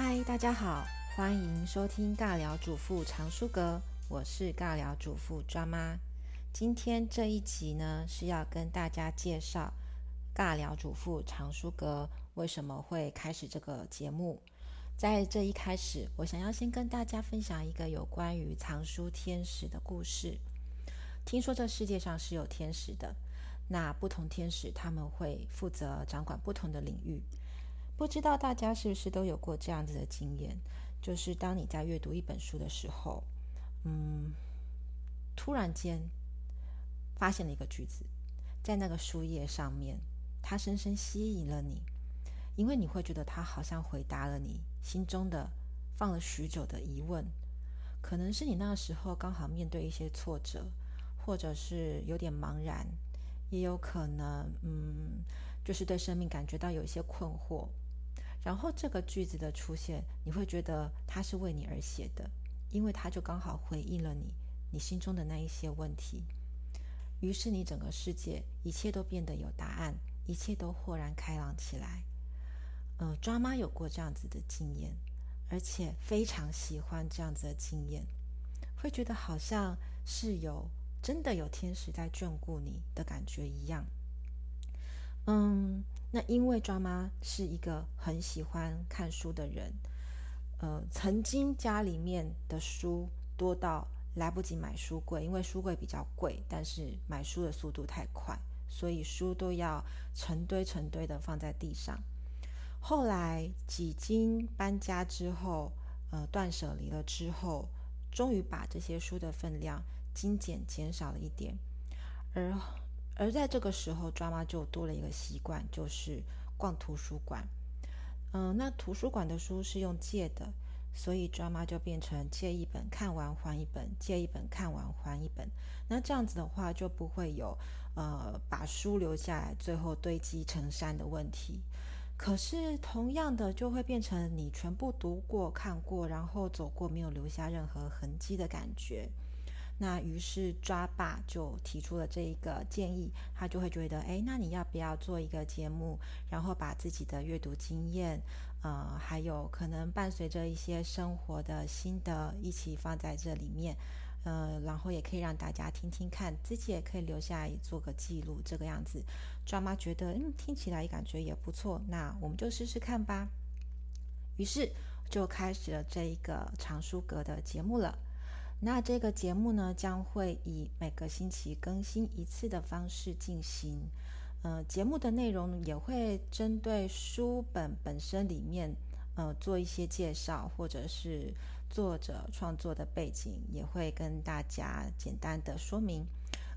嗨，Hi, 大家好，歡迎收聽《尬聊主婦藏書閣》，我是尬聊主婦專媽。今天這一集呢，是要跟大家介紹《尬聊主婦藏書閣》為什麼會開始這個節目。在這一開始，我想要先跟大家分享一個有關於藏書天使的故事。聽說這世界上是有天使的，那不同天使他們會負責掌管不同的領域。不知道大家是不是都有過這樣子的經驗，就是當你在閱讀一本書的時候，嗯，突然間發現了一個句子，在那個書頁上面，它深深吸引了你，因為你會覺得它好像回答了你心中的放了許久的疑問，可能是你那個時候剛好面對一些挫折，或者是有點茫然，也有可能，嗯，就是對生命感覺到有一些困惑。然後這個句子的出現，你會覺得它是為你而寫的，因為它就剛好回應了你，你心中的那一些問題。於是你整個世界一切都變得有答案，一切都豁然開朗起來。呃，抓媽有過這樣子的經驗，而且非常喜歡這樣子的經驗，會覺得好像是有真的有天使在眷顧你的感覺一樣。嗯，那因為抓媽是一個很喜歡看書的人，呃，曾經家裡面的書多到來不及買書櫃，因為書櫃比較貴，但是買書的速度太快，所以書都要成堆成堆的放在地上。後來幾經搬家之後，呃，斷捨離了之後，終於把這些書的分量精簡減少了一點，而。而在這個時候，抓媽就多了一個習慣，就是逛圖書館。嗯，那圖書館的書是用借的，所以抓媽就變成借一本看完還一本，借一本看完還一本。那這樣子的話，就不會有呃，把書留下來，最後堆積成山的問題。可是同樣的，就會變成你全部讀過、看過，然後走過，沒有留下任何痕跡的感覺。那於是抓爸，就提出了這一個建議，他就會覺得，哎，那你要不要做一個節目，然後把自己的閱讀經驗，呃，還有可能伴隨着一些生活的心得一起放在這裡面，呃，然後也可以讓大家聽聽看，自己也可以留下來做個記錄，這個樣子。抓媽覺得，嗯，聽起來也感覺也不錯，那我們就試試看吧。於是就開始了這一個藏書閣的節目了。那這個節目呢，將會以每個星期更新一次的方式進行。呃，節目的內容也會針對書本本身裡面，呃，做一些介紹，或者是作者創作的背景，也會跟大家簡單的說明。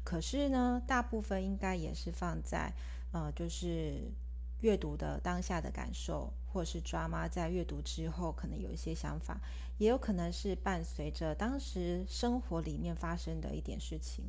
可是呢，大部分應該也是放在，呃，就是。閱讀的當下的感受，或是抓媽在閱讀之後可能有一些想法，也有可能是伴隨着當時生活裡面發生的一點事情。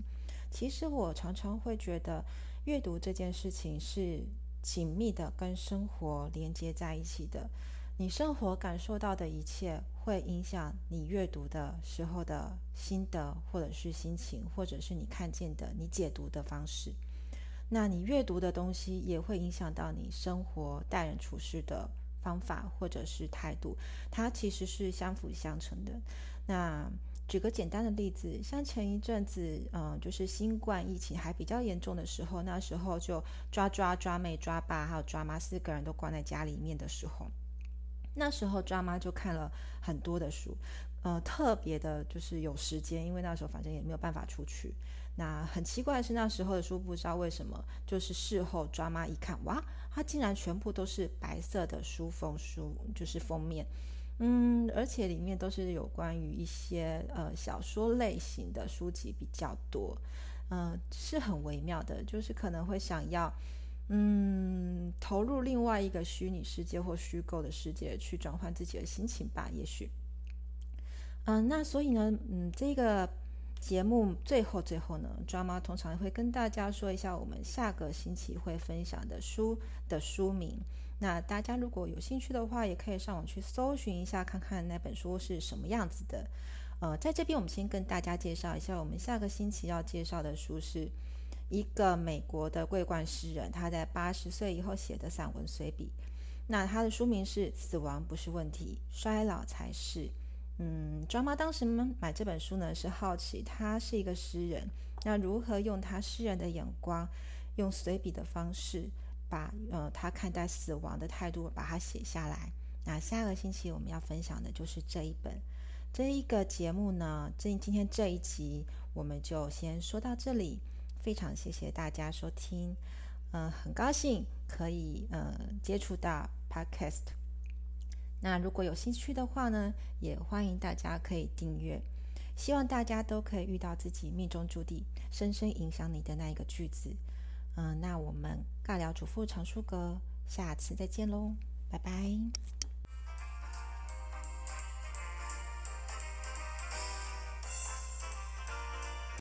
其實我常常會覺得，閱讀這件事情是緊密的跟生活連接在一起的。你生活感受到的一切，會影響你閱讀的時候的心得，或者是心情，或者是你看見的，你解讀的方式。那你閱讀的東西也會影響到你生活、待人處事的方法或者是態度，它其實是相輔相成的。那舉個簡單的例子，像前一陣子，嗯，就是新冠疫情還比較嚴重的時候，那時候就抓抓抓妹、抓爸還有抓媽四個人都關在家裡面的時候，那時候抓媽就看了很多的書，呃，特別的就是有時間，因為那時候反正也沒有辦法出去。那很奇怪的是，那時候的書不知道為什麼，就是事後抓媽一看，哇，它竟然全部都是白色的書封書，就是封面，嗯，而且裡面都是有關於一些呃小說類型的書籍比較多，嗯、呃，是很微妙的，就是可能會想要，嗯，投入另外一個虛擬世界或虛構的世界去轉換自己的心情吧，也許，嗯、呃，那所以呢，嗯，這個。節目最後最後呢，抓貓通常會跟大家說一下我們下個星期會分享的書的書名。那大家如果有興趣的話，也可以上網去搜尋一下，看看那本書是什麼樣子的。呃，在這邊我們先跟大家介紹一下，我們下個星期要介紹的書是一個美國的桂冠詩人，他在八十歲以後寫的散文隨筆。那他的書名是《死亡不是問題，衰老才是》。嗯，莊媽當時買這本書呢，是好奇他是一個詩人，那如何用他詩人的眼光，用隨筆的方式把，把呃他看待死亡的態度把它寫下來。那下個星期我們要分享的就是這一本，這一個節目呢，這今天這一集我們就先說到這裡，非常謝謝大家收聽，嗯、呃，很高興可以呃接觸到 Podcast。那如果有興趣的話呢，也歡迎大家可以訂閱。希望大家都可以遇到自己命中注定、深深影響你的那一個句子。嗯，那我們尬聊主婦藏書閣，下次再見嘍，拜拜。